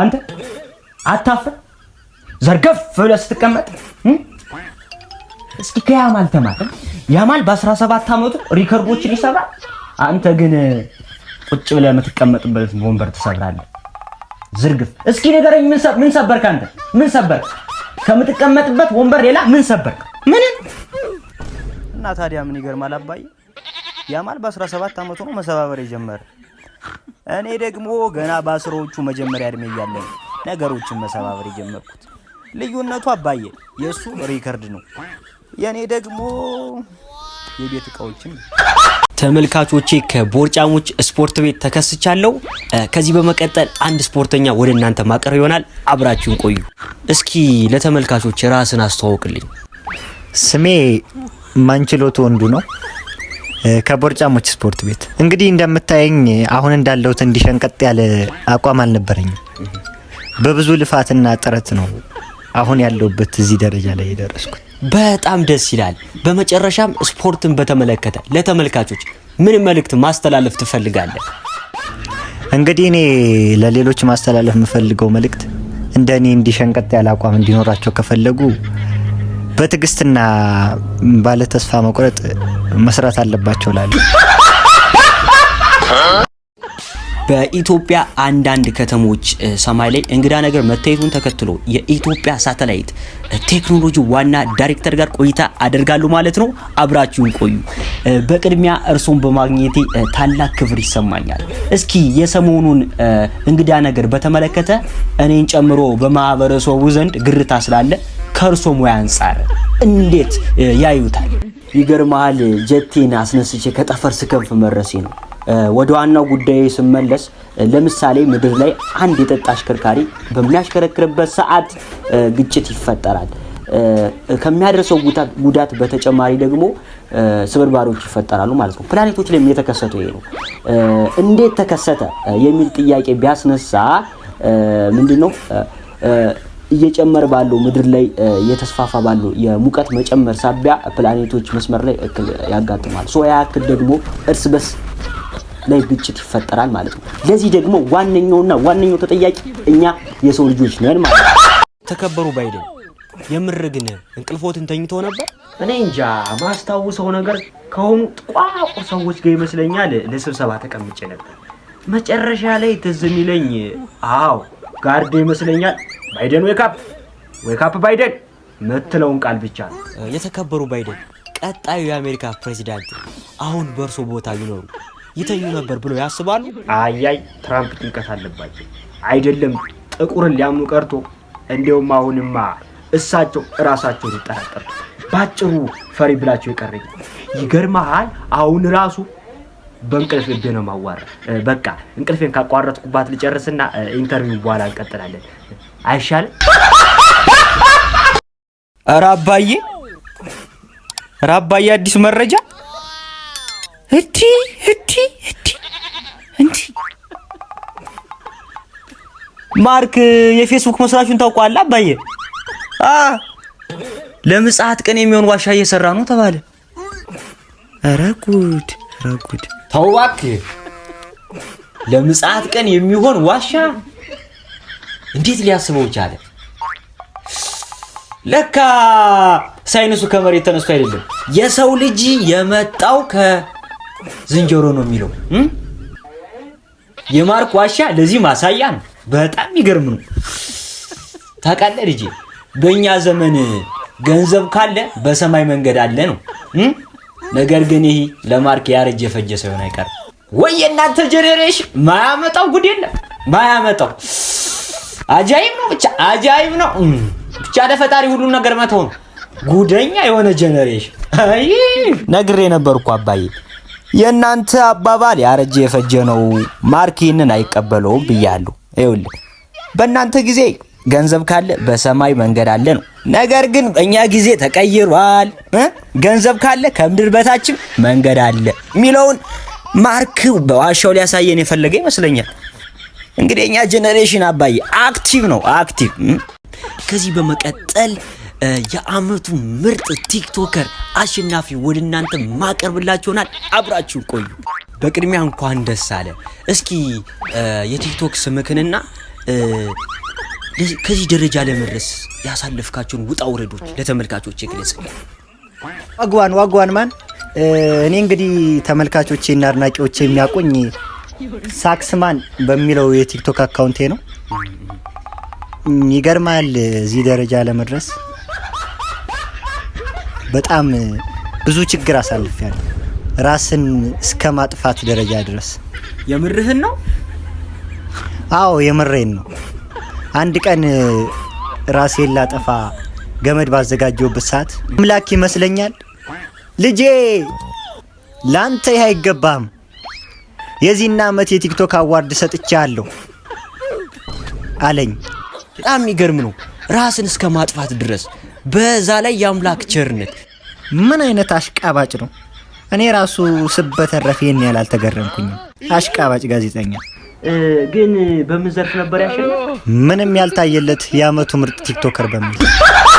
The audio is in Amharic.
አንተ አታፍር ዘርገፍ ብለህ ስትቀመጥ። እስኪ ከያማል ተማር። ያማል በ17 ዓመቱ ሪከርዶችን ይሰብራል። አንተ ግን ቁጭ ብለህ የምትቀመጥበት ወንበር ትሰብራለህ። ዝርግፍ እስኪ ንገረኝ፣ ምን ምን ሰበርክ አንተ? ምን ሰበርክ? ከምትቀመጥበት ወንበር ሌላ ምን ሰበርክ? ምንም። እና ታዲያ ምን ይገርማል አባዬ? ያማል በ17 ዓመቱ ነው መሰባበር የጀመረ። እኔ ደግሞ ገና በአስሮዎቹ መጀመሪያ እድሜ እያለኝ ነገሮችን መሰባበር የጀመርኩት። ልዩነቱ አባዬ የእሱ ሪከርድ ነው፣ የእኔ ደግሞ የቤት እቃዎችን። ተመልካቾቼ ከቦርጫሞች ስፖርት ቤት ተከስቻለሁ። ከዚህ በመቀጠል አንድ ስፖርተኛ ወደ እናንተ ማቅረብ ይሆናል። አብራችሁን ቆዩ። እስኪ ለተመልካቾች ራስን አስተዋውቅልኝ። ስሜ ማንችሎት ወንዱ ነው። ከቦርጫሞች ስፖርት ቤት እንግዲህ እንደምታየኝ አሁን እንዳለሁት እንዲሸንቀጥ ያለ አቋም አልነበረኝም። በብዙ ልፋትና ጥረት ነው አሁን ያለሁበት እዚህ ደረጃ ላይ የደረስኩት። በጣም ደስ ይላል። በመጨረሻም ስፖርትን በተመለከተ ለተመልካቾች ምን መልእክት ማስተላለፍ ትፈልጋለህ? እንግዲህ እኔ ለሌሎች ማስተላለፍ የምፈልገው መልእክት እንደ እኔ እንዲሸንቀጥ ያለ አቋም እንዲኖራቸው ከፈለጉ በትዕግስትና ባለ ተስፋ መቁረጥ መስራት አለባቸው ላሉ በኢትዮጵያ አንዳንድ ከተሞች ሰማይ ላይ እንግዳ ነገር መታየቱን ተከትሎ የኢትዮጵያ ሳተላይት ቴክኖሎጂ ዋና ዳይሬክተር ጋር ቆይታ አደርጋሉ ማለት ነው። አብራችሁን ቆዩ። በቅድሚያ እርሶን በማግኘቴ ታላቅ ክብር ይሰማኛል። እስኪ የሰሞኑን እንግዳ ነገር በተመለከተ እኔን ጨምሮ በማህበረሰቡ ዘንድ ግርታ ስላለ ከእርሶ ሙያ አንጻር እንዴት ያዩታል? ይገርመሃል፣ ጀቴን አስነስቼ ከጠፈር ስከንፍ መድረሴ ነው። ወደ ዋናው ጉዳይ ስመለስ ለምሳሌ ምድር ላይ አንድ የጠጣ አሽከርካሪ በሚያሽከረክርበት ሰዓት ግጭት ይፈጠራል። ከሚያደርሰው ጉዳት በተጨማሪ ደግሞ ስብርባሪዎች ይፈጠራሉ ማለት ነው። ፕላኔቶች ላይ የተከሰተው ይሄ ነው። እንዴት ተከሰተ የሚል ጥያቄ ቢያስነሳ ምንድን ነው እየጨመረ ባለው ምድር ላይ እየተስፋፋ ባለው የሙቀት መጨመር ሳቢያ ፕላኔቶች መስመር ላይ እክል ያጋጥማል። ሶ ያ እክል ደግሞ እርስ በስ ላይ ግጭት ይፈጠራል ማለት ነው። ለዚህ ደግሞ ዋነኛውና ዋነኛው ተጠያቂ እኛ የሰው ልጆች ነን ማለት ነው። ተከበሩ ባይደን የምር ግን እንቅልፎትን ተኝቶ ነበር? እኔ እንጃ ማስታውሰው ነገር ከሆኑ ጥቋቁር ሰዎች ጋር ይመስለኛል ለስብሰባ ተቀምጬ ነበር። መጨረሻ ላይ ትዝ የሚለኝ አዎ ጋርድ ይመስለኛል። ባይደን ዌይካፕ ዌይካፕ ባይደን ምትለውን ቃል ብቻ ነው። የተከበሩ ባይደን ቀጣዩ የአሜሪካ ፕሬዚዳንት አሁን በእርሶ ቦታ ቢኖሩ ይተዩ ነበር ብለው ያስባሉ? አያይ ትራምፕ ጭንቀት አለባቸው። አይደለም ጥቁርን ሊያምኑ ቀርቶ እንዲሁም አሁንማ እሳቸው እራሳቸውን ይጠራጠሩ። ባጭሩ ፈሪ ብላቸው የቀረኝ ይገርመሃል አሁን ራሱ በእንቅልፍ ልቤ ነው ማዋራ። በቃ እንቅልፌን ካቋረጥኩባት ልጨርስና ኢንተርቪው በኋላ እንቀጥላለን። አይሻልም? ራባዬ ራባዬ አባዬ አዲስ መረጃ እቲ እቲ እቲ እንቲ ማርክ የፌስቡክ መስራቹን ታውቀዋለህ? አባዬ አ ለምጽአት ቀን የሚሆን ዋሻ እየሰራ ነው ተባለ። ኧረ ጉድ ተው እባክህ፣ ለምጽአት ቀን የሚሆን ዋሻ እንዴት ሊያስበው ቻለ? ለካ ሳይንሱ ከመሬት ተነስቶ አይደለም። የሰው ልጅ የመጣው ከዝንጀሮ ነው የሚለው የማርክ ዋሻ ለዚህ ማሳያ ነው። በጣም ይገርም ነው። ታውቃለህ ልጄ፣ በእኛ ዘመን ገንዘብ ካለ በሰማይ መንገድ አለ ነው ነገር ግን ይህ ለማርክ ያረጀ የፈጀ ሳይሆን አይቀርም። ወይ የእናንተ ጀኔሬሽን ማያመጣው ጉድ የለም። ማያመጣው አጃይም ነው፣ ብቻ አጃይም ነው። ብቻ ለፈጣሪ ሁሉን ነገር መተው ነው። ጉደኛ የሆነ ጀኔሬሽን። አይ ነግሬ ነበርኩ አባዬ፣ የእናንተ አባባል ያረጀ የፈጀ ነው፣ ማርክ ይህንን አይቀበለውም ብያለሁ። ይኸውልህ በእናንተ ጊዜ ገንዘብ ካለ በሰማይ መንገድ አለ ነው። ነገር ግን በእኛ ጊዜ ተቀይሯል። ገንዘብ ካለ ከምድር በታችም መንገድ አለ የሚለውን ማርክ በዋሻው ሊያሳየን የፈለገ ይመስለኛል። እንግዲህ እኛ ጄኔሬሽን አባዬ አክቲቭ ነው አክቲቭ። ከዚህ በመቀጠል የአመቱ ምርጥ ቲክቶከር አሸናፊ ወደ እናንተ ማቀርብላችሁናል። አብራችሁ ቆዩ። በቅድሚያ እንኳን ደስ አለ። እስኪ የቲክቶክ ስምክንና ከዚህ ደረጃ ለመድረስ ያሳለፍካቸውን ውጣ ውረዶች ለተመልካቾች ግለጽ። ዋጓን ዋጓን ማን እኔ እንግዲህ ተመልካቾቼና አድናቂዎቼ የሚያውቁኝ ሳክስማን በሚለው የቲክቶክ አካውንቴ ነው። ይገርማል። እዚህ ደረጃ ለመድረስ በጣም ብዙ ችግር አሳልፌያለሁ። ራስን እስከ ማጥፋት ደረጃ ድረስ። የምርህን ነው? አዎ የምሬን ነው። አንድ ቀን ራሴን ላጠፋ ገመድ ባዘጋጀውበት ሰዓት አምላክ ይመስለኛል ልጄ ላንተ ይህ አይገባም፣ የዚህና ዓመት የቲክቶክ አዋርድ ሰጥቻለሁ አለኝ። በጣም የሚገርም ነው፣ ራስን እስከ ማጥፋት ድረስ። በዛ ላይ የአምላክ ቸርነት ምን አይነት አሽቃባጭ ነው! እኔ ራሱ ስበተረፍ ይህን ያህል አልተገረምኩኝም። አሽቃባጭ ጋዜጠኛ ግን በምን ዘርፍ ነበር ያሸነፈ? ምንም ያልታየለት የአመቱ ምርጥ ቲክቶከር በሚል